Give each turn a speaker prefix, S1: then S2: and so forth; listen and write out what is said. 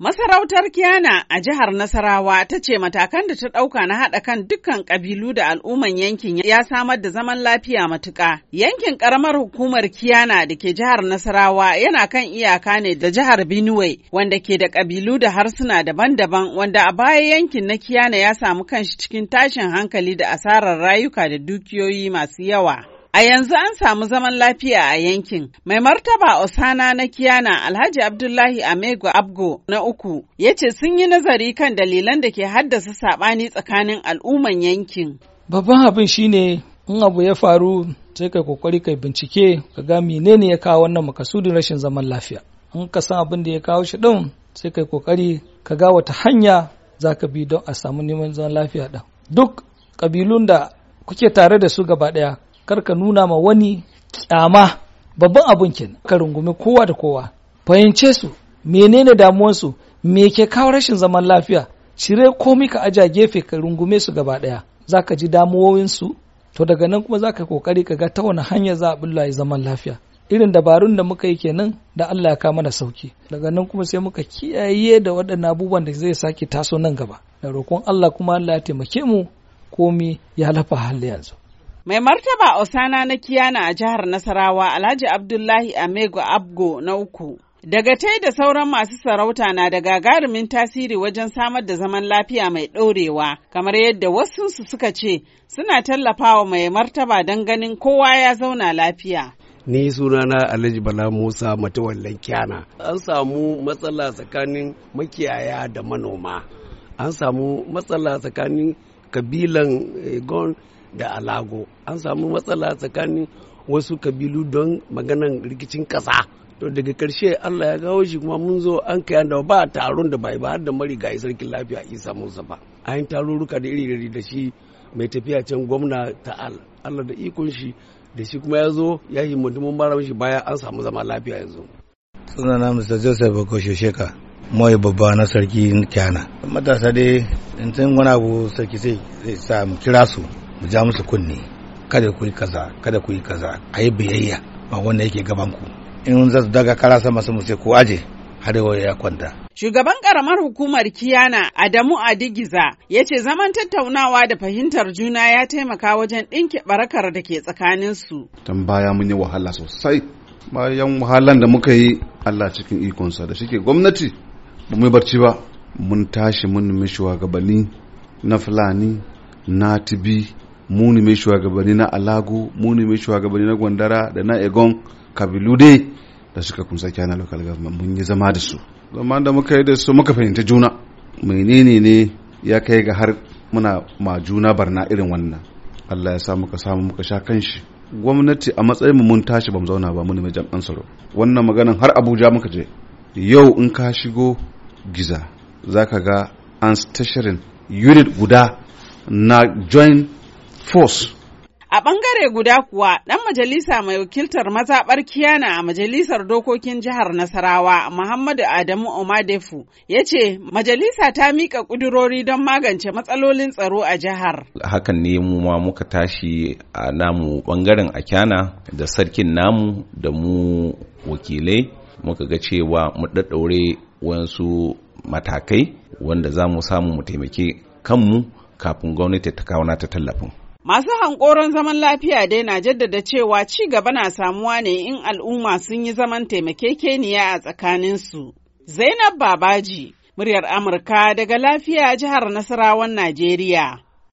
S1: Masarautar Kiana a jihar Nasarawa ta ce matakan da ta ɗauka na haɗa kan dukkan ƙabilu da al'umman yankin ya samar da zaman lafiya matuƙa. Yankin ƙaramar hukumar Kiana da ke jihar Nasarawa yana kan iyaka ne da jihar Benue wanda ke da ƙabilu da harsuna daban-daban wanda a baya yankin na Kiana ya samu kanshi cikin tashin hankali da asarar rayuka da dukiyoyi masu yawa. A yanzu an samu zaman lafiya a yankin. Mai martaba Osana na Kiyana Alhaji Abdullahi Amego Abgo na uku ya ce sun yi nazari kan dalilan da ke haddasa saɓani tsakanin al'umman yankin.
S2: Babban abin shine in abu ya faru sai kai kokari kai bincike ka ga menene ya kawo wannan makasudin rashin zaman lafiya. In ka san abin da ya kawo shi ɗin sai kai kokari ka ga wata hanya za ka bi don a samu neman zaman lafiya ɗin. Duk ƙabilun da kuke tare da su gaba ɗaya kar ka nuna ma wani kyama babban abin kenan ka rungumi kowa da kowa fahimce su menene damuwarsu me ke kawo rashin zaman lafiya cire komai ka aja gefe ka rungume su gaba daya zaka ji damuwowinsu to daga nan kuma zaka kokari ka ga ta wani hanya za a bulla zaman lafiya irin dabarun da muka yi kenan da Allah ya ka mana sauki daga nan kuma sai muka kiyaye da waɗannan abubuwan da zai sake taso nan gaba da roƙon Allah kuma Allah ya taimake mu komi ya lafa hali yanzu
S1: Mai martaba Osana na Kiyana a jihar Nasarawa Alhaji Abdullahi Amego Abgo na uku. Daga tai da sauran masu sarauta na da gagarumin tasiri wajen samar da zaman lafiya mai ɗorewa, kamar yadda wasu su suka ce suna tallafawa mai martaba don ganin kowa ya zauna lafiya.
S2: Ni sunana Alhaji Bala Musa matawallan kyana.
S1: An samu matsala tsakanin
S2: makiyaya da manoma. An samu matsala tsakanin kabilan eh, gon da alago an samu matsala tsakanin wasu kabilu don maganan rikicin ƙasa to daga karshe Allah ya gawo shi kuma mun zo an kai da ba taron da bai ba har da marigayi sarkin lafiya Isa Musa ba an tarurruka da iri da shi mai tafiya can gwamna ta Allah da ikon shi da shi kuma ya zo ya himmatu mun bara shi baya an samu zama lafiya yanzu sunana Mr. Joseph Okosho Sheka mai babba na sarki kyana matasa dai in tun wani abu sarki sai sa mu kira su mu ja musu kunne kada ku yi kaza kada ku yi kaza a yi biyayya ba wanda yake gaban ku in za su daga kara sama su sai ku aje har ya kwanta.
S1: Shugaban karamar hukumar Kiyana Adamu Adigiza ya ce zaman tattaunawa da fahimtar juna ya taimaka wajen ɗinke barakar da ke tsakaninsu.
S3: Tan baya mun yi wahala sosai bayan wahalan da muka yi Allah cikin ikonsa da shike gwamnati ba mu barci ba mun tashi mun nemi shugabanni na Fulani na Tibi mu ne mai shugabanni na alago mu ne mai shugabanni na gwandara da na egon kabilu dai da suka kunsa kyana local government mun yi zama da su zama da muka yi da su muka fahimta juna menene ne ya kai ga har muna ma juna barna irin wannan Allah ya sa muka samu muka sha kanshi gwamnati a matsayin mu mun tashi bamu zauna ba mu ne mai jaman tsaro wannan maganan har Abuja muka je yau in ka shigo giza zaka ga an tashirin unit guda na joint force
S1: A ɓangare guda kuwa ɗan majalisa mai wakiltar mazaɓar Kiyana a majalisar dokokin jihar Nasarawa Muhammadu Adamu Omadefu ya ce majalisa ta miƙa ƙudurori don magance matsalolin tsaro a jihar.
S3: Hakan ne mu ma muka tashi a namu ɓangaren Akiyana da sarkin namu da mu wakilai muka ga cewa mu ɗaɗɗaure wasu matakai wanda za mu samu mu taimake kanmu kafin gwamnati ta kawo ta tallafin.
S1: Masu hankoron zaman lafiya dai na jaddada cewa ci gaba na samuwa ne in al'umma sun yi zaman taimakekeniya a tsakaninsu. Zainab Babaji, muryar Amurka daga lafiya jihar Nasarawan Najeriya.